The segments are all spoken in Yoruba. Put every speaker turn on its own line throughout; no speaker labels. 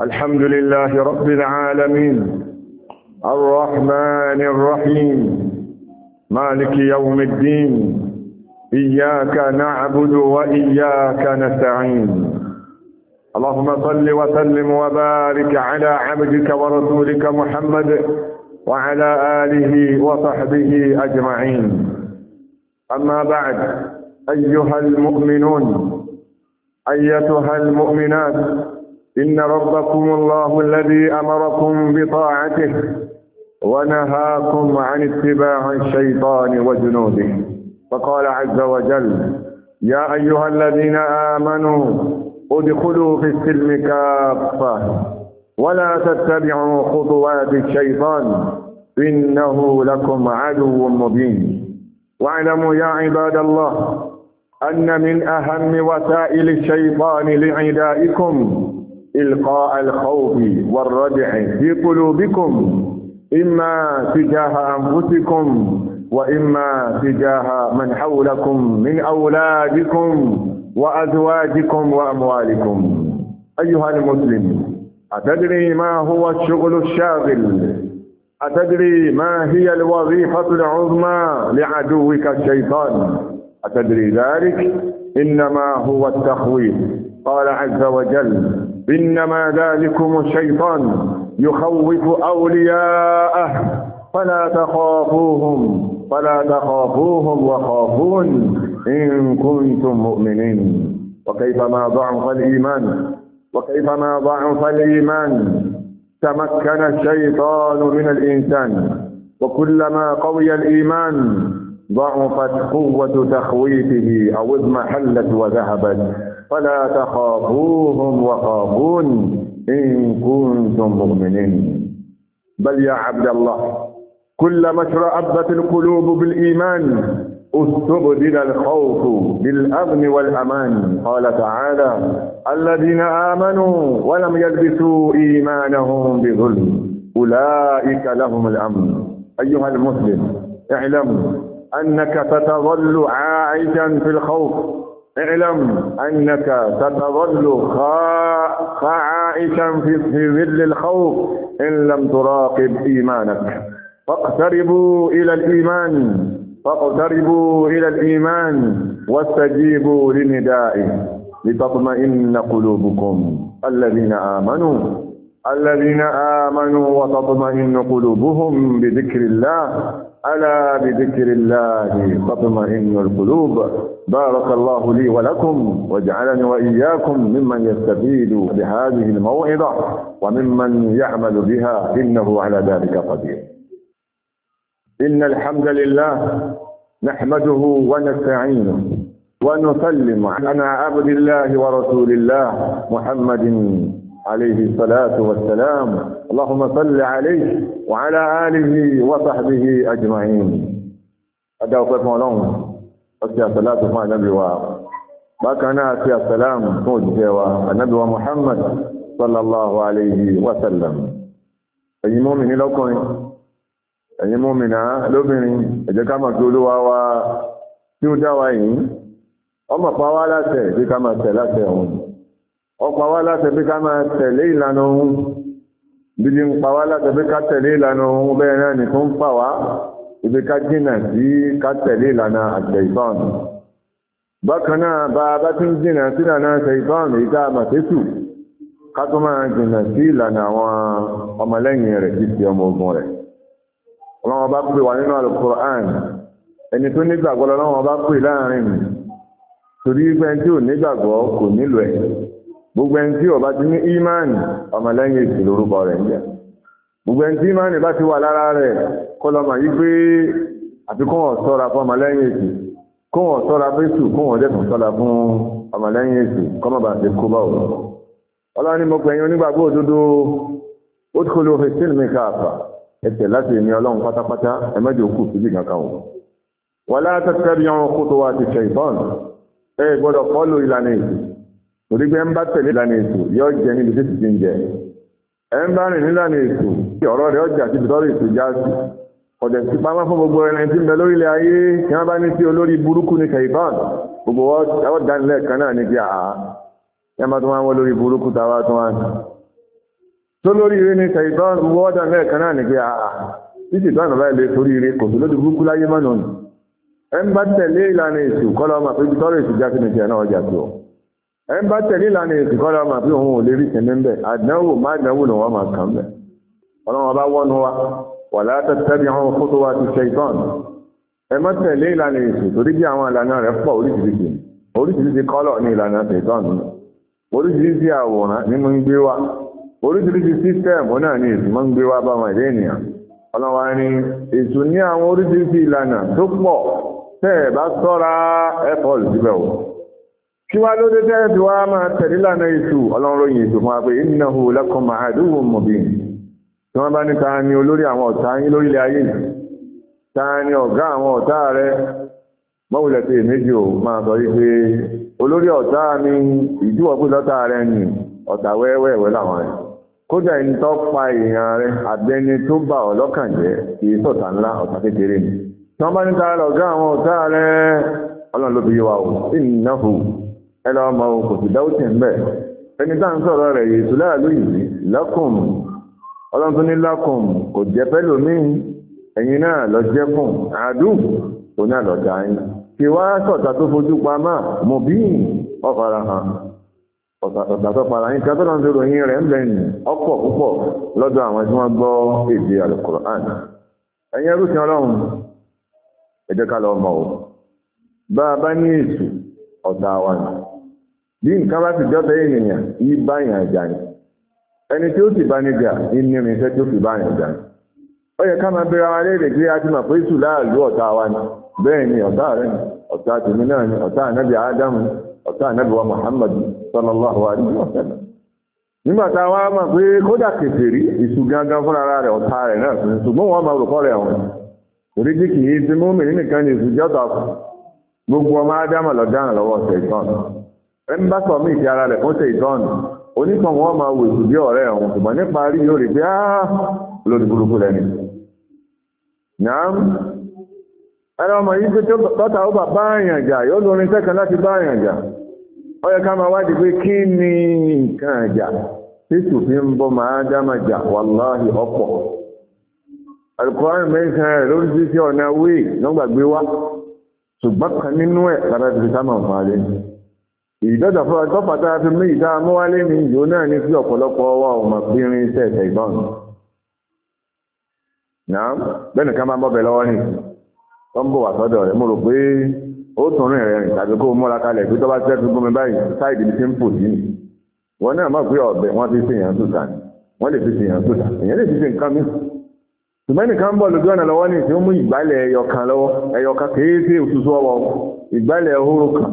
الحمد لله رب العالمين الرحمن الرحيم مالك يوم الدين إياك نعبد وإياك نستعين اللهم صل وسلم وبارك على عبدك ورسولك محمد وعلى آله وصحبه أجمعين أما بعد أيها المؤمنون أيتها المؤمنات إن ربكم الله الذي أمركم بطاعته ونهاكم عن اتباع الشيطان وجنوده فقال عز وجل يا أيها الذين آمنوا ادخلوا في السلم كافة ولا تتبعوا خطوات الشيطان إنه لكم عدو مبين واعلموا يا عباد الله أن من أهم وسائل الشيطان لعدائكم إلقاء الخوف والرجع في قلوبكم إما تجاه أنفسكم وإما تجاه من حولكم من أولادكم وأزواجكم وأموالكم أيها المسلم أتدري ما هو الشغل الشاغل أتدري ما هي الوظيفة العظمى لعدوك الشيطان أتدري ذلك إنما هو التخويف قال عز وجل إنما ذلكم الشيطان يخوف أولياءه فلا تخافوهم فلا تخافوهم وخافون إن كنتم مؤمنين وكيفما ضعف الإيمان وكيفما ضعف الإيمان تمكن الشيطان من الإنسان وكلما قوي الإيمان ضعفت قوة تخويفه أو اضمحلت وذهبت فلا تخافوهم وخافون إن كنتم مؤمنين بل يا عبد الله كلما اشرأبت القلوب بالإيمان استبدل الخوف بالأمن والأمان قال تعالى الذين آمنوا ولم يلبسوا إيمانهم بظلم أولئك لهم الأمن أيها المسلم اعلم أنك ستظل عائشا في الخوف اعلم أنك ستظل خائفا في ظل الخوف إن لم تراقب إيمانك فاقتربوا إلى الإيمان فاقتربوا إلى الإيمان واستجيبوا لندائه لتطمئن قلوبكم الذين آمنوا الذين آمنوا وتطمئن قلوبهم بذكر الله ألا بذكر الله تطمئن القلوب بارك الله لي ولكم واجعلني وإياكم ممن يستفيد بهذه الموعظة وممن يعمل بها إنه على ذلك قدير إن الحمد لله نحمده ونستعينه ونسلم على عبد الله ورسول الله محمد عليه الصلاة والسلام اللهم صل عليه وعلى آله وصحبه أجمعين أدعو قسم لهم أتي الصلاة مع النبي بكنا أتي السلام توجه النبي محمد صلى الله عليه وسلم أي mọ́mìnì lọ́kùnrin ẹ̀yin mọ́mìnà lóbìnrin ẹ jẹ́ ká máa kí olúwa wa tí ó dá ọpa wá láti pé ká máa tẹ̀lé ìlànà ohun bíbí ń pa wá láti pé ká tẹ̀lé ìlànà ohun bẹ́ẹ̀ náà ní tó ń pa wá ibi ká jìnà sí ká tẹ̀lé ìlànà àgbẹ̀ ìbọn bákan náà bá a bá tún jìnà sí ìlànà àgbẹ̀ ìbọn èyí tá a mà tẹ́tù ká tó máa jìnà sí ìlànà àwọn ọmọlẹ́yìn rẹ̀ títí ọmọ ogun rẹ̀ ọlọ́wọ́n bá pè wá nínú Al-Qur'an ẹni tó nígbàgbọ́ lọ́wọ́n bá pè láàrin torí pé ò nígbàgbọ́ kò nílò ẹ̀ gbogbo ẹni tí ọba ti ní ìmáàni ọmọlẹ́yìn èsì lórúkọ rẹ̀ ń jẹ́ gbogbo ẹni tí ìmáàni bá ti wà lára rẹ̀ kọlọmọ yí pé àfi kó wọn ṣọ́ra fún ọmọlẹ́yìn èsì kó wọn ṣọ́ra fésù kó wọn dẹ́kun ṣọ́ra fún ọmọlẹ́yìn èsì kọ́mọ̀bà ti kó bá òun ọlọ́run ni mo pè yín onígbàgbọ́ òdodo ó ti kó ló fi sí mi káàfà ẹsẹ̀ láti èmi ọlọ́run pátápátá ẹ̀mẹ́jọ kù síbi kankan wọn. wàlá tẹ́tẹ́ bí wọn kó tó wá ti ṣe ìbọn ẹ gbọ́dọ̀ fọ́lù ìlànà èsì torí pé ń bá tẹ̀lé ìlànà ètò yóò jẹ níbi tí ti ń jẹ ẹ ń bá rìn nílànà ètò tí ọ̀rọ̀ rẹ̀ ọjà síbi tọ́lọ̀ ètò já sí ọ̀dẹ̀ sí pamọ́ fún gbogbo ẹni tí ń bẹ lórílẹ̀ ayé kí wọ́n bá ní sí olórí burúkú ní kẹ̀yìbán gbogbo ọ̀ dánilẹ̀ kan náà ní kí àá yẹn bá tún wá wọ́n lórí burúkú táwa tún wá sí tó lórí ire ní kẹ̀yìbán gbogbo ọ̀ dánilẹ̀ kan náà ní kí àá títí tó àná báyìí lè torí ire kò ẹ ń bá tẹ̀lé ìlànà èsì kọ́lá máa fi òun ò lè rí ìsinmi bẹ̀ àdánwò má àdánwò ni wọ́n máa kàn bẹ̀ ọlọ́run ọba wọ́nu wa wà látàtàbí àwọn fótó wa ti ṣe ìtàn ẹ má tẹ̀lé ìlànà èsì torí bí àwọn ìlànà rẹ̀ pọ̀ oríṣiríṣi oríṣiríṣi kọ́lọ̀ ní ìlànà ṣe ìtàn nínú oríṣiríṣi àwòrán ní mú ń gbé wa oríṣiríṣi sísítẹ́ẹ̀mù náà ní èsì mú ń gbé wa bá wọn ìdí ènìyàn ọlọ́wà ní èsù ní àwọn oríṣiríṣi ìlànà tó pọ̀ tẹ́ẹ̀ bá sọ́ra ẹ̀pọ̀ síbẹ̀ wọ̀ kí wá ló dé tẹ́rẹ̀ tí wá máa tẹ̀lé lànà èṣù ọlọ́run èṣù fún apẹ́ innahu lakum aduwwun mubin tí wọ́n bá ní ta ni olórí àwọn ọ̀tá yín lórílẹ̀ ayé ta ni rẹ mọ́wùlẹ̀ ò máa sọ olórí ọ̀tá ni lọ́tà rẹ ni wẹ́wẹ́wẹ́ làwọn rẹ kódà ẹni tó pa èèyàn rẹ àbẹni tó bà lọ́kàn jẹ́ sọ̀tà ńlá kékeré ni tí wọ́n ní ta àwọn ọ̀tá rẹ ọlọ́run ló fi wa o ẹlọ ọmọ òkò ti dáwùtì ń bẹ̀ ẹni tá ń sọ̀rọ̀ rẹ̀ yìí tó láàlú yìí lọ́kùn ọlọ́run tó ní lọ́kùn kò jẹ́ pẹ́lú ẹ̀yin náà lọ jẹ́ fún àádùn tó náà lọ yín kí wá sọ̀tà pa máa bí ọ̀fara hàn ọ̀tà tó para yín tó yín rẹ̀ ń bẹ̀ ní ọ̀pọ̀ púpọ̀ lọ́dọ̀ àwọn tí wọ́n gbọ́ èdè bí nǹkan bá ti dọ́tẹ̀ ènìyàn yí báyàn jà ẹni tí ó sì bá ní jà inú tí ó fi báyàn jà ó yẹ ká máa bẹ̀rẹ̀ ara léèrè pé a pé láàlú ọ̀tá wa ni bẹ́ẹ̀ ni ọ̀tá rẹ̀ ni ọ̀tá tèmi náà ni ọ̀tá ànábì ádámù ọ̀tá ànábì wa muhammadu sallallahu wa sallam nígbà tá a wá mọ̀ pé kódà ìṣù gangan fúnra rẹ̀ ọ̀tá rẹ̀ náà ṣùgbọ́n wọn máa ẹni bá sọ mí ìfẹ́ ara rẹ̀ fún ṣe ìdánù oníkan wọn máa wò ìsù bí ọ̀rẹ́ ẹ̀hún ṣùgbọ́n nípa rí yóò rí pé áá ah! lórí burúkú lẹ́ni. nàám ẹni ọmọ yìí pé tọ́ta ó bà bá àyàn jà yóò lórin sẹ́kàn láti bá àyàn jà ó yẹ ká máa wádìí pé kí ni nǹkan àjà tí sùfín ń bọ́ máa dáma jà wàláhì ọ̀pọ̀. alukóhánì mẹ́sàn-án rẹ̀ lórí sí ọ̀nà wíì lọ́gbàgbé wá ṣùgbọ́n kan nínú ẹ̀ lára ti fi sá ìdọ́dọ̀ fún ọjọ́ pàtó àti mú ìdá amúwálé mi ìlú náà ní sí ọ̀pọ̀lọpọ̀ ọwọ́ ọmọ pínrin iṣẹ́ ẹ̀sẹ̀ ìbọn náà bẹ́ẹ̀ nìkan máa ń bọ́bẹ̀ lọ́wọ́ nì tó ń bọ̀ wá sọ́dọ̀ rẹ̀ mo rò pé ó tún rìn rẹ̀ rìn tàbí kó múra kalẹ̀ pé tó bá tẹ́ fi gómi báyìí sáìdì mi ti ń pò sí wọn náà mọ̀ pé ọ̀bẹ wọn fi ṣèyàn sùtà wọn lè fi ṣèyàn sùtà èèyàn lè fi ṣe nǹkan mi ṣùgbọ́n nìkan ń bọ̀ lójú ọ̀nà lọ́wọ́ ní ìṣe ó mú ìgbálẹ̀ ẹyọkan lọ́wọ́ ẹyọkan kèé sí òṣùṣù ọwọ́ ìgbálẹ̀ ehoro kan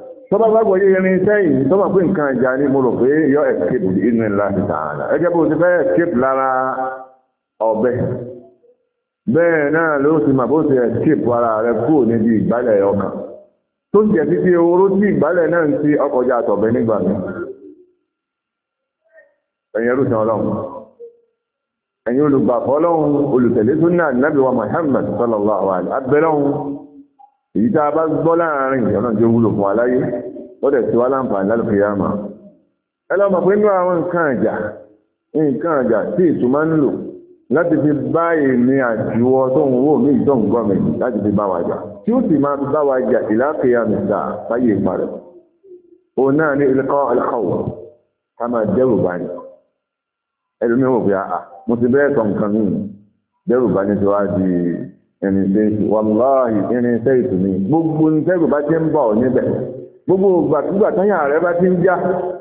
tọ́ba gbàgbọ́ yé irin sẹ́yìn tọ́ba pé nǹkan ìjà ni mo rò pé yọ escape inú ńlá ti tààlà ẹgẹ́ bó ti fẹ́ escape lára ọ̀bẹ bẹ́ẹ̀ náà ló ti mà bó ti escape ara rẹ kúrò níbi ìgbálẹ̀ ọkàn tó ń jẹ́ títí oró tí ìgbálẹ̀ náà ń ti ọkọjá àtọ̀bẹ nígbà mi ẹ̀yin ẹrú sàn ọlọ́run ẹ̀yin olùgbàfọ́ ọlọ́run olùtẹ̀lé tó náà èyí tá a bá gbọ́ láàrin ọ̀nà tí ó wúlò fún aláyé lọ́dẹ̀ tí wá láǹfààní lálùkìyàmà ẹlọ́mà pé ní àwọn nǹkan àjà nǹkan àjà tí ètò máa ń lò láti fi bá èmi àtiwọ́ tó ń wò mí ìtọ́ nǹkan mi láti fi bá wa jà tí ó sì máa fi bá wa jà ìlàkìyàmì sà fáyé ìparẹ̀ òun náà ní ilẹ̀kọ́ alákọ̀wọ̀ ká máa dẹ́rù bá ní ẹlòmíràn wò pé àà mo ti bẹ́ẹ̀ sọ nǹkan mí irinṣẹ́ ètò wàláhì irinṣẹ́ ètò ni gbogbo nítẹ́gùn bá ti ń bọ̀ níbẹ̀ gbogbo ògbàkúgbà tọ́yà rẹ bá ti ń já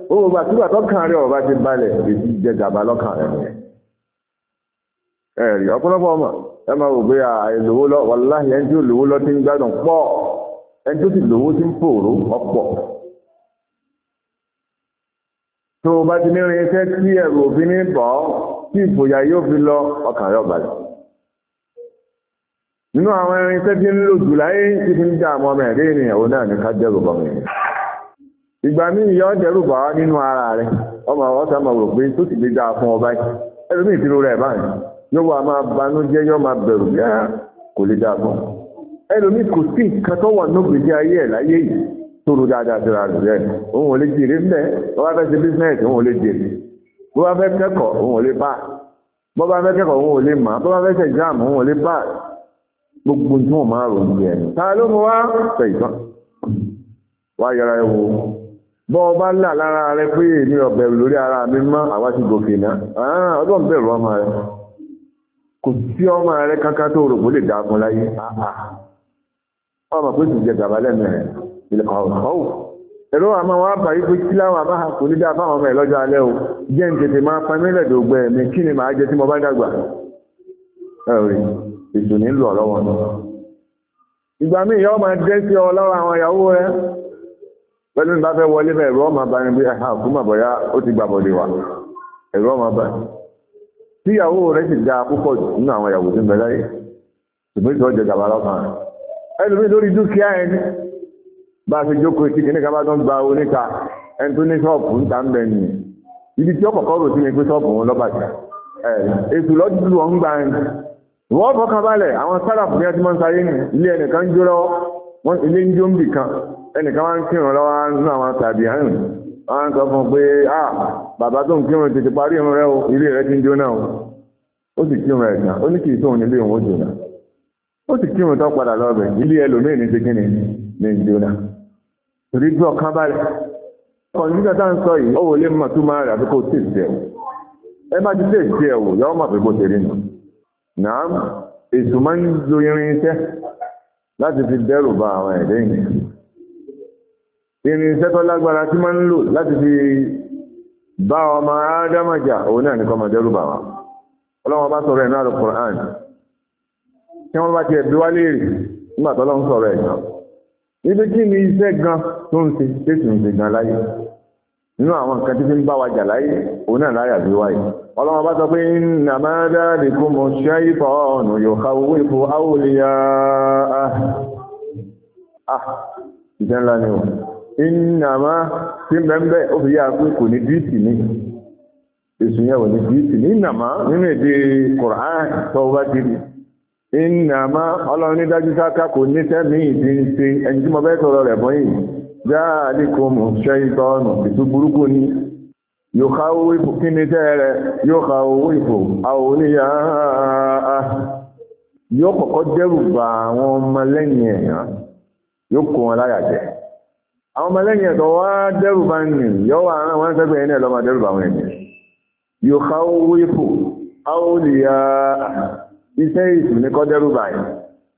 gbogbo ògbàkúgbà tọ́kàn rẹ ọba ti balẹ̀ èsì jẹ gàba lọ́kàn rẹ nìyẹn. ẹ̀rí ọ̀pọ̀lọpọ̀ ọmọ ẹ máa wò pé àìlówó lọ wàláhì ẹni tí ò lówó lọ ti ń gbádùn pọ̀ ẹni tó sì lówó ti ń pòrò ọ̀pọ̀. tó o bá ti ní irinṣẹ́ tí ẹ̀rù òfin ní bọ̀ tí ìfòyà yóò fi lọ ọkàn rẹ ọ̀bàlẹ̀ nínú àwọn ẹrin tẹ́ tí ń lò jù láyé tí fi ń dá àmọ́ ọmọ ẹ̀rẹ́ ènìyàn ó náà ní ká dẹ́rù bọ̀ mẹ́rin ìgbà míì yọ dẹ́rù bọ̀ nínú ara rẹ̀ ọmọ àwọn ọ̀sán máa rò pé tó sì lè dáa fún ọba yìí ẹlòmíì ti rora ẹ̀ báyìí yóò wá máa banújẹ́ yóò máa bẹ̀rù bí ah, kò lè dáa fún ẹlòmíì kò sí nǹkan tó wà nógbèjì ayé ẹ̀ láyé yìí tó ro dáadáa síra rẹ̀ òun ò lè jèrè ńbẹ bó bá fẹ́ ṣe bísíǹnẹ̀sì òun ò lè jèrè bó bá fẹ́ kẹ́kọ̀ọ́ òun ò lè bá bó bá fẹ́ kẹ́kọ̀ọ́ gbogbo tí wọ́n máa rò ní ẹ̀rù ta ló mú wá fẹ̀ ìtàn wá yọra ẹwọ bọ́ ọba ńlá lára rẹ pé èmi ọ̀bẹ̀rù lórí ara mi mọ́ àwa ti gòkè náà ah, ọdún bẹ̀rù ọmọ rẹ kò sí ọmọ rẹ kankan tó rò bó lè dá fún láyé ah, ah. ọmọ pé sì jẹ gàba lẹ́nu rẹ ilẹ̀ ọ̀hún ẹ̀rọ àmọ́ wọn bá yí pé kí láwọn àbáhà kò ní dá fáwọn ọmọ ẹ̀ lọ́jọ́ alẹ́ o jẹ́ ń tètè máa pa mílẹ̀ dògbẹ́ mi kí ni màá jẹ tí mo bá dàgbà ètò nílò ọ̀lọ́wọ́ ní ìgbà míì yọ́ máa jẹ́ sí ọlọ́wọ́ àwọn ìyàwó rẹ̀ pẹ̀lú ìbá fẹ́ wọlé bẹ̀ ẹ̀rọ ọmọ abáyé bí àkúmọ̀ bọ̀yá ó ti gbà bọ̀dé wà ẹ̀rọ ọmọ abáyé tí ìyàwó rẹ̀ sì da púpọ̀ nínú àwọn ìyàwó tó ń bẹ láyé ṣùgbọ́n ìtọ́ jẹ gàba lọ́kàn rẹ̀ ẹlòmíì lórí dúkìá ẹni bá a fi jókòó etí kìíní ká bá tó ń gba owó níta ẹni tó ní ṣọ́ọ̀bù ń ta ń bẹ nìyẹn ibi tí ọkọ̀ọ̀kọ̀ rò sí ni pé ṣọ́ọ̀bù wọn lọ́bàjẹ́ ẹ̀ ètò lọ́dún lọ́ngbà ẹni wọ́n fọkàn balẹ̀ àwọn sáràfù ní ẹtí máa ń sáyé nù ilé ẹnìkan jó lọ́wọ́ wọ́n ilé ń jó ń bì kan ẹnìkan wá ń kírun lọ́wọ́ nínú àwọn tàbí àrùn wọ́n á sọ fún un pé à bàbá tó ń kírun tètè parí irun rẹ o ilé rẹ ti ń jó náà o ó sì kírun ẹ̀ tán ó ní kì í tóun nílé òun ó jò náà ó sì kírun tó padà lọ́bẹ̀ ilé ẹlòmíì ní sikini ní ìjó náà torí gbé ọkàn balẹ̀ kọ̀ǹtínítà tá ń sọ yìí ó wọlé náà èṣù máa ń lo irin iṣẹ́ láti fi dẹ́rù ba àwọn ẹ̀dẹ́ yìí irin iṣẹ́ tó lágbára tí máa ń lò láti fi bá ọmọ ádámàjà òun náà nìkan máa dẹ́rù bà wá ọlọ́wọ́n bá sọ̀rọ̀ ẹ̀ náà lọ Qur'an tí wọ́n bá ti ẹ̀bí wá léèrè nígbà tó sọ̀rọ̀ ẹ̀ gan níbi kí ni iṣẹ́ gan tó ń ṣe tẹ̀sí ń ṣe gan láyé nínú àwọn nǹkan tí fi ń bá wa jà láyé òun náà láyà bí wáyé ọlọ́wọ́ bá sọ pé nà máa dáàdì kú mọ̀ ṣe ìfọ̀ ọ̀nà yóò ká owó ìfò áwòlìyà ìjẹ́nlá ni wọ́n iná máa tí mẹ́mbẹ́ ó fi yá pé kò ní díìtì ní èsù yẹn ò ní díìtì ní iná máa nínú èdè Kùránì tó bá ti rí iná máa ọlọ́run ní dájú sáká kò ní tẹ́mí ìdí ń ṣe ẹni tí mo fẹ́ sọ̀rọ̀ rẹ̀ bọ́yìn dáàdíkùnmù ṣe ìtọ́ọ̀nà ìtú burúkú ní yóò ká owó ìfò kí ní tẹ́ rẹ̀ yóò ká owó ìfò àwòníyà yóò kọ́kọ́ dẹ́rù bá àwọn ọmọlẹ́yìn ẹ̀yàn yóò kó wọn láyà jẹ àwọn ọmọlẹ́yìn ẹ̀tọ́ wá dẹ́rù bá nì yóò wà rán wọn sẹ́gbẹ̀ẹ́ ní ẹ̀lọ́mà dẹ́rù bá wọn ẹ̀yìn yóò ká owó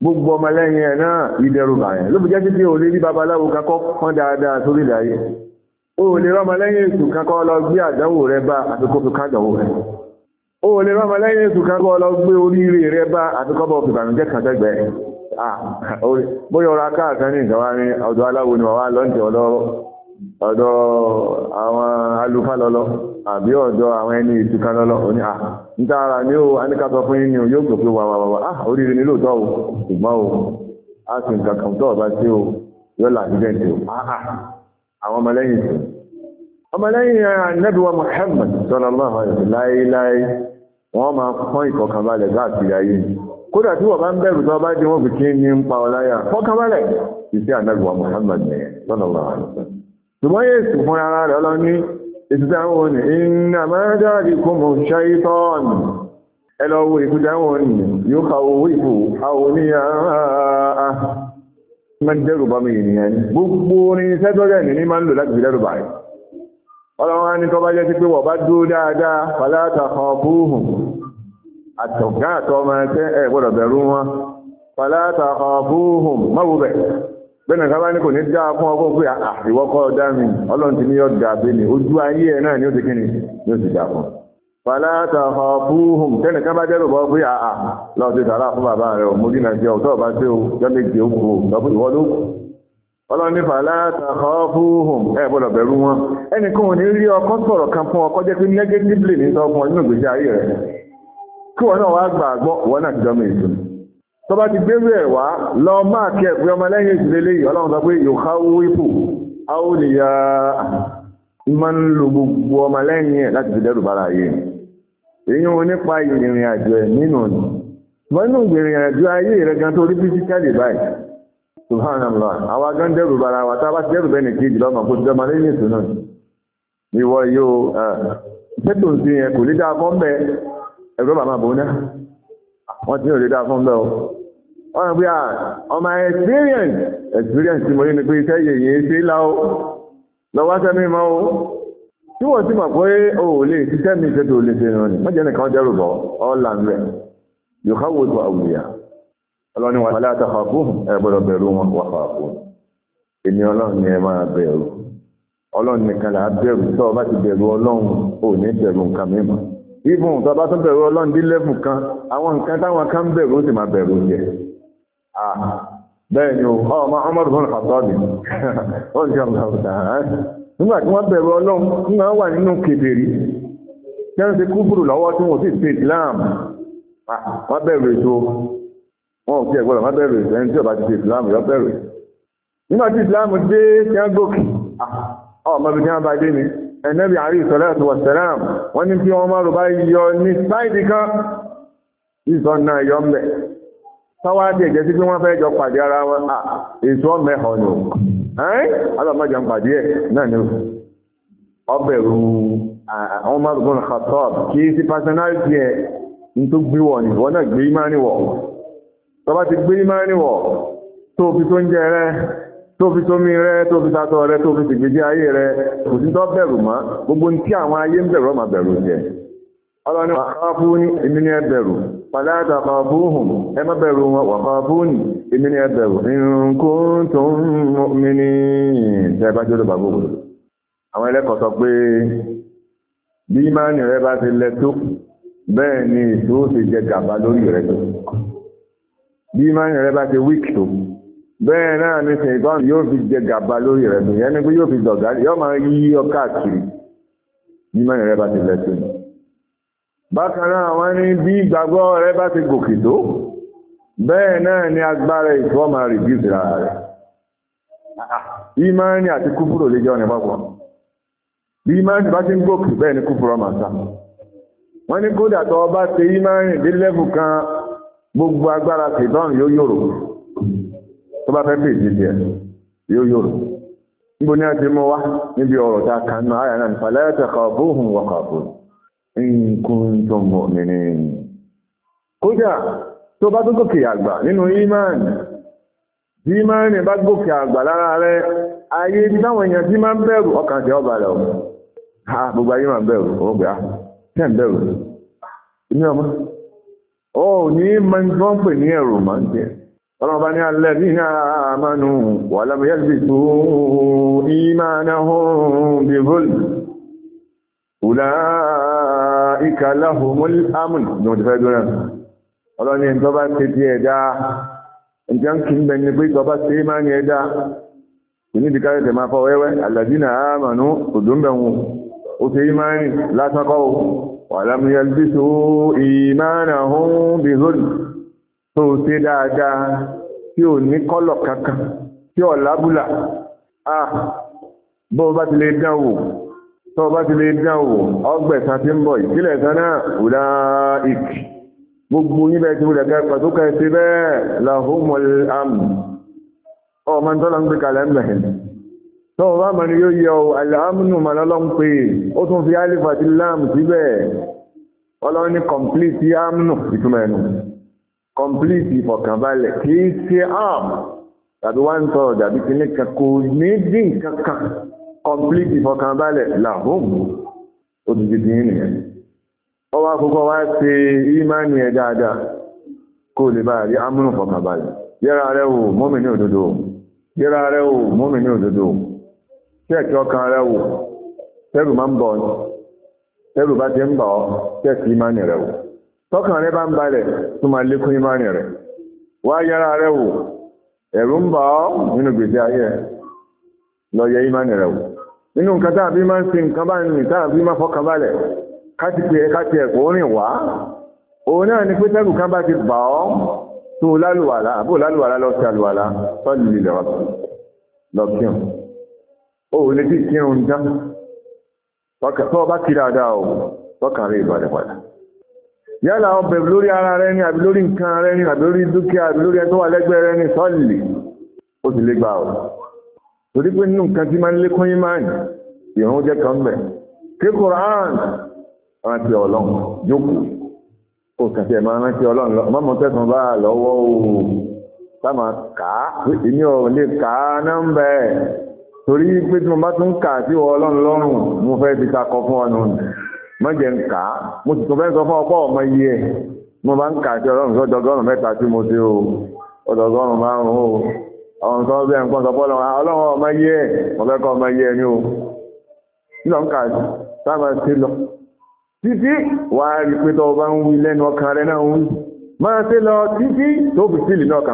gbogbo ọmọlẹ́yìn ẹ̀ náà ìdẹ̀rùbà yẹn ló fi jẹ́ títí ò lè rí babaláwo kakọ́ pọ́n dáadáa sórí ìdáyé o lè rọmọlẹ́yìn ètù kakọ́ lọ gbé àdánwò rẹ bá àtúkọ́ fi kádánwò rẹ o lè rọmọlẹ́yìn ètù kakọ́ lọ gbé oríire rẹ bá àtúkọ́ bọ̀ fìbànújẹ́ kan tẹ́gbẹ́ bóyá ọ̀rọ̀ akáàkan ní ìjọba ní ọ̀dọ̀ aláwo ni wàá lọ́ǹdì ọ̀dọ̀ àwọn alùfáà lọ́lọ́ àbí ọ̀dọ́ àwọn ẹni ìtúká lọ́lọ́ òní à ń ní ó ah, ni ó yóò gbòpé wà wà ah, oríire ní lóòótọ́ o ṣùgbọ́n o a sì ń kankan tó sí o yóò là ní bẹ́ẹ̀ ah, àwọn ọmọlẹ́yìn tó ọmọlẹ́yìn eh, wa Muhammad sallallahu alaihi láéláé wọ́n máa pọ́n ìfọ̀kànbalẹ̀ káàkiri ayé kódà tí wọ́n bá ń bẹ̀rù tó bá ìtìtàwọn ni iná máa dáàdì kún mọ̀ ṣáyítọ́n ẹlọ́wọ́ ìtìtàwọn ni yóò ka owó ìfò àwọn ní àà mẹ́dẹ́rùbá mi ènìyàn ni gbogbo orin sẹ́tọ́rẹ̀ ní ní máa ń lò láti dẹ́rùbá rẹ̀ ọlọ́wọ́n ní tọ́bá jẹ́ sí pé wọ́n bá dúró dáadáa fàlátà kan búhùn àtọ̀gá àtọ́ máa tẹ́ ẹ̀ gbọ́dọ̀ bẹ̀rù wọn fàlátà kan búhùn mọ́wùbẹ̀ bẹ́ẹ̀nà sábà ní kò ní dá fún ọkọ̀ pé àìwọ́kọ́ ah, ah, ọdá mi ọlọ́run ti ní yọ dà bẹ́ ni ojú ayé ẹ̀ náà ni ó ti kíni ni ó ti dà fún fàlátà ọ̀fúhùn tẹ́nì kan bá jẹ́rù bọ́ pé àà ah, lọ ti tààrà fún bàbá rẹ̀ ò mójú náà jẹ́ ọ̀tọ́ bá tí ó jọ méje ó kú lọ́pọ̀ ìwọ́ ló kù ọlọ́run ní fàlátà ọ̀fúhùn ẹ̀ gbọ́dọ̀ bẹ̀rù wọn ẹnì kan ò ní rí ọkọ sọ̀rọ̀ kan fún ọkọ jẹ́ pé negatively ní sọ fún ọ nínú ìgbésí ayé rẹ̀ kí tó bá ti gbérú ẹ̀ wá lọ máa kí ẹ̀pẹ́ ọmọ lẹ́yìn ìsìnlẹ̀ yìí ọlọ́run sọ pé yòókà wípù a ó lè ya máa ń lo gbogbo ọmọ lẹ́yìn ẹ̀ láti fi dẹ́rù bára yìí èyí wọn nípa ìrìn àjò ẹ̀ nínú ni wọ́n nù ìrìn àjò ayé rẹ̀ gan tó rí físíkàlì báyìí subhanallah àwa gan dẹ́rù bára wọ́n ti ń rí dáa fún bẹ́ẹ̀ o wọ́n rẹ̀ pé à ah, ọmọ experience experience tí mo rí ni pé iṣẹ́ yèyìn ṣe lá o lọ́wọ́ sẹ́mi mọ́ o tí wọ́n ti mọ̀ pé o ò lè ṣiṣẹ́ mi ṣe tó lè ṣe ìrìn mọ́jẹ́ nìkan dẹ́rù bọ̀ ọ́là ń bẹ̀ yóò ká wo tó àwùyà ọlọ́ni wà láti àtàkà fún ẹ gbọ́dọ̀ bẹ̀rù wọn wà fà fún èmi ọlọ́run ni ẹ máa bẹ̀rù ọlọ́run nìkan là á bẹ̀rù tó o bá ti bẹ̀rù ọlọ́run ò ní bẹ̀rù nǹkan mímọ́ even tọba tún bẹ̀rù ọlọ́run dí lẹ́fù kan àwọn nǹkan táwọn kan bẹ̀rù sì máa bẹ̀rù jẹ bẹ́ẹ̀ ni ọmọ ọmọdé fún ọ̀tọ́bì wọ́n jẹ́ ọmọ ọ̀tá nígbà tí wọ́n bẹ̀rù ọlọ́run nígbà wà nínú kèbèrè jẹ́rù sí kúfùrù lọ́wọ́ tí wọ́n sì ṣe Islam wọ́n bẹ̀rù ètò wọn ò fi ẹ̀gbọ́n wọn bẹ̀rù ètò ẹni tí ọba ti ṣe Islam yọ bẹ̀rù nígbà tí Islam dé tí wọ́n gòkè ọmọ ẹ̀nẹ́bì àrí ìsọ̀lẹ́ẹ̀tù wọ̀sẹ̀lẹ́m wọ́n ní tí wọ́n máa rọ̀bá yọ ní sáìdì kan ìsọ̀ náà yọ mẹ́ tọ́wá dé ẹ̀jẹ̀ sí pé wọ́n fẹ́ jọ pàdé ara wọn à èso mẹ́họ̀ ni ẹ́n alọ́mọjà ń pàdé ẹ̀ náà ni ọbẹ̀ ru àwọn máa rọ̀bọ̀n kàtọ́ sí personality ẹ̀ ń tó gbé wọ̀ ni náà gbé imáníwọ̀ tọ́ba ti gbé imáníwọ̀ tó fi tó ń jẹ rẹ̀ tó fi tómi rẹ tó fi tatọ rẹ tó fi tìgbèjì ayé rẹ kò sí tó bẹ̀rù mọ́ gbogbo ní tí àwọn ayé ń bẹ̀rù ọmọ bẹ̀rù jẹ ọlọ́ni wàkọ́ọ̀bù ní èmi ní ẹbẹ̀rù pàdáàtà kọ́ọ̀bù hùn ẹ má bẹ̀rù wọn wàkọ́ọ̀bù ní èmi ní ẹbẹ̀rù nǹkan tó ń mi ní ìṣẹ́ bá jọ́dọ̀ bàbá òkú àwọn ẹlẹ́kọ̀ọ́ sọ pé bí ìmánì rẹ bá ti lẹ tó bẹ́ẹ̀ ni ìṣó ti jẹ gàba lórí rẹ tó bí ìmánì rẹ bá ti wíìkì tó bẹ́ẹ̀ náà ni ṣèǹkan yóò fi jẹ gàba lórí rẹ̀ nìyẹn ni pé yóò fi dọ̀gá yóò máa yí ọ káàkiri bí mẹ́rin rẹ bá ti lẹ́sìn bákan náà wọ́n ní bí ìgbàgbọ́ rẹ bá ti gòkè tó bẹ́ẹ̀ náà ni agbára ìfọ́ máa rìdíùsì rárá rẹ̀ ìmáàní àti kúfúrò lè jẹ́ ọ̀nà ìpapọ̀ bí ìmáàní bá ti ń gòkè bẹ́ẹ̀ ni kúfúrò máa sá wọ́n ní kódà tó ọba ṣe ìmáàní dé lẹ́fù kan gbogbo agbára ṣètọ́n yóò yòrò tó bá fẹ́ pèsè tiẹ̀ yóò yòrò níbo ní ọdún mọ́ wá níbi ọ̀rọ̀ tá a kà ń náà náà nípa lẹ́yọ̀tẹ̀ kan bóhùn wọ̀kà fún nǹkan tó mọ̀ mìíràn kódà tó bá tó gòkè àgbà nínú ìmáànì bí ìmáànì bá gòkè àgbà lára rẹ ayé táwọn èèyàn tí máa ń bẹ̀rù ọkàn tẹ ọba rẹ ha gbogbo ayé máa ń bẹ̀rù ọmọ gbà tẹ́ ń bẹ̀rù ah, ọmọ ọ ní máa ń pè ní ẹ̀rù máa ń tẹ́ ọlọ́ọ̀bá ní alẹ́ ní àmánú wà lábẹ́yẹ́sì tó ìmánáhùn bí vol ọ̀lá ìkàláhùmúl amùn ní wọ́n ti fẹ́ dúnrán ọlọ́ni tó bá ti ti ẹ̀dá ǹjẹ́ ń kí ń bẹ̀ ní pé tó bá ti máa ń ẹ̀dá kò ní ìdíkà ẹ̀tẹ̀ máa fọ wẹ́wẹ́ alẹ́dínà àmánú òdúnbẹ̀wò ó ti ìmánì lásán kọ́ wà lábẹ́yẹ́sì tó ìmánáhùn bí vol tó ṣe dáadáa tí ò ní kọ́lọ̀ kankan tí ò lábùlà à bó bá ti lè dán wò tó bá ti lè dán wò ọgbẹ̀sán ti ń bọ̀ ìpínlẹ̀ kan náà wùdá ìk gbogbo yíbẹ̀ tí wùdà kẹfà tó kẹ sí bẹ́ẹ̀ lahumul ọmọ tó lọ ń gbé ni complete yámùnù ìtumọ̀ ẹnu complete ìfọ̀kànbalẹ̀ kì í ṣe arm tàbí one third tàbí kìíní kan kò ní dín kankan complete ìfọ̀kànbalẹ̀ làhùn òdìdí dín nìyẹn ó wá kókó wá ṣe ìmánì ẹ̀ dáadáa kó lè bá rí amúnú ìfọ̀kànbalẹ̀ yẹra rẹ wò mọ́mì ní òdodo yẹra rẹ wò mọ́mì ní òdodo tẹ́ẹ̀kì ọkàn rẹ wò tẹ́rù máa ń bọ̀ tẹ́rù bá ti ń bọ̀ tẹ́ẹ̀kì ìmánì rẹ wò tọ́kàn rẹ bá ń balẹ̀ tó máa lékún ìmánì rẹ̀ wá yára rẹ̀ wò ẹ̀rù ń bà ọ́ nínú gbèsè ayé rẹ̀ lọ yẹ ìmánì rẹ̀ wò nínú nǹkan táàbí máa ń sin nǹkan bá nìyí táàbí máa fọkàn balẹ̀ káti pé káti ẹ̀kọ́ rìn wá òun náà ni pé tẹ́rù kan bá ti bà ọ́ tọ́ bá kí dáadáa o tọ́kàn rí ìbàdàn padà yálà ọ bẹ̀rù lórí ara rẹ ní àbí lórí nǹkan rẹ ní àbí lórí dúkìá àbí lórí ẹtọ́ wà lẹ́gbẹ̀ẹ́ rẹ ní sọ́ọ̀lì ó sì lè gbà ọ́ torí pé nínú nǹkan tí máa ń lékún yín máa ń ìrún jẹ́ kan bẹ̀ kí Quran rántí ọlọ́run jókòó kó kàtí ẹ̀ máa rántí ọlọ́run lọ mọ́mọ́ tẹ̀sán bá lọ́wọ́ o sáma kà á èmi ò lè kà á nọ́mbà ẹ̀ torí pé tí mo bá tún kà sí ọlọ́run lọ́rùn mo fẹ́ fi sakọ fún ọ má jẹ́ ń kà á mo sì tó fẹ́ sọ fún ọ̀pọ̀ ọmọ iye mo máa ń kà sí ọlọ́run sọ́jọ́ ọgọ́rùn mẹ́ta tí mo ti o márùn-ún o ọ̀run bẹ́ẹ̀ ń pọ́n ọlọ́run ọmọ iye ẹ̀ mo fẹ́ kọ́ ọmọ iye ẹ̀ ni o nílò ń kà sí sábà sí lọ títí wà á rí pé tó bá ń wí lẹ́nu ọkàn rẹ náà ń máa ṣe lọ títí tó fi sílì náà kà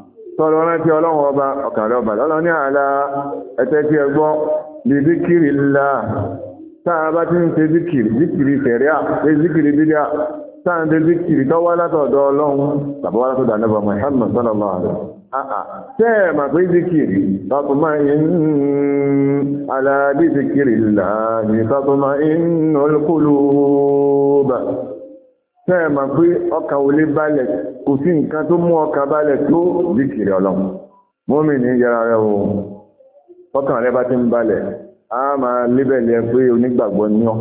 tọrọ rántí ọlọ́run ọba ọ̀kàrẹ́ ọba lọ́lọ́ ní àlà ẹ̀tẹ́ tí ẹ gbọ́ bí zikiri ńlá táà bá ti ń ṣe zikiri zikiri sẹ̀ríà ṣe zikiri bídíà táà ń ṣe zikiri tó wá látọ̀dọ̀ ọlọ́run tàbí wá látọ̀dọ̀ ànábì tẹ́ ẹ̀ mọ̀ pé ọkàn ò lè balẹ̀ kò sí nǹkan tó mú ọkàn balẹ̀ tó zikiri ọlọ́run mọ́mì ní yára rẹ̀ o ọkàn rẹ̀ bá ti ń balẹ̀ a máa lébẹ̀lẹ̀ pé onígbàgbọ́ ní ọ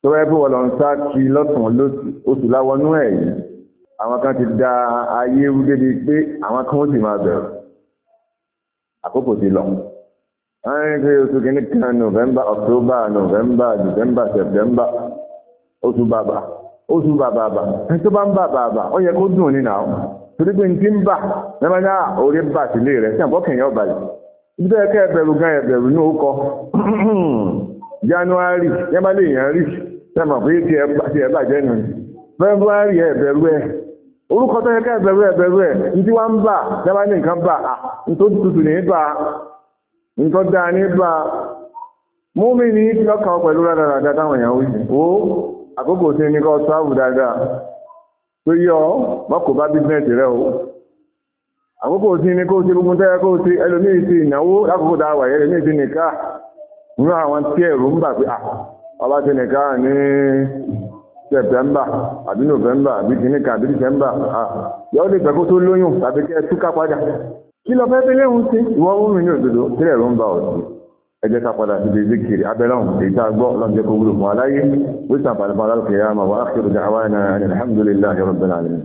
tó bá pé wọ́n sá kí lọ́sùn oṣù láwọnú ẹ̀ yìí àwọn kan ti da ayé rú débi pé àwọn kan ó sì máa bẹ̀rù àkókò ti lọ wọ́n pé oṣù kìíní kan November October November December September oṣù bàbà Ozu tún bàbà bà ní tó bá ń yẹ kó dùn ní nà ó torí pé ní ti ń bà lẹ́mọ́ náà ah, orí bà sílé rẹ̀ sí àbọ̀ kẹ̀yìn ọ̀bà yìí ibi tó yẹ ká ẹbẹ̀rù gan ẹbẹ̀rù ní òkọ January yẹn lè yàn rí sẹ́mọ̀ pé bàjẹ́ nù February ẹbẹ̀rù àkókò tí ní kọ́ sáàbù dáadáa tó yọ mọ́kò bá bísínẹ̀sì rẹ o àkókò tí ní kó ti gbogbo tẹ́yẹ kó ti ẹlòmíì ti ìnáwó lákòókò dáa wà ẹlòmíì ti nìka nínú àwọn tí ẹ̀rù ń bà pé ah, ọba ti nìka ní sẹ̀pẹ̀mbà àbí nọ́vẹ́mbà àbí kìnnìkà àbí dìsẹ́mbà ah, yọ́ lè pẹ̀kó tó lóyún tàbí kẹ́ túká padà kí lọ fẹ́ fẹ́ léhun sí ìwọ orin ní òdodo tí ẹ̀rù ń bà ọ̀dọ́ ẹjẹ́ ká padà sí zikiri abẹ́lọ́hùn èyí tá gbọ́ lọ́njẹ́ kó wúlò fún aláyé wíṣà pàdé fún alálùkẹ́yàmà wà á kérò jà àwọn ẹni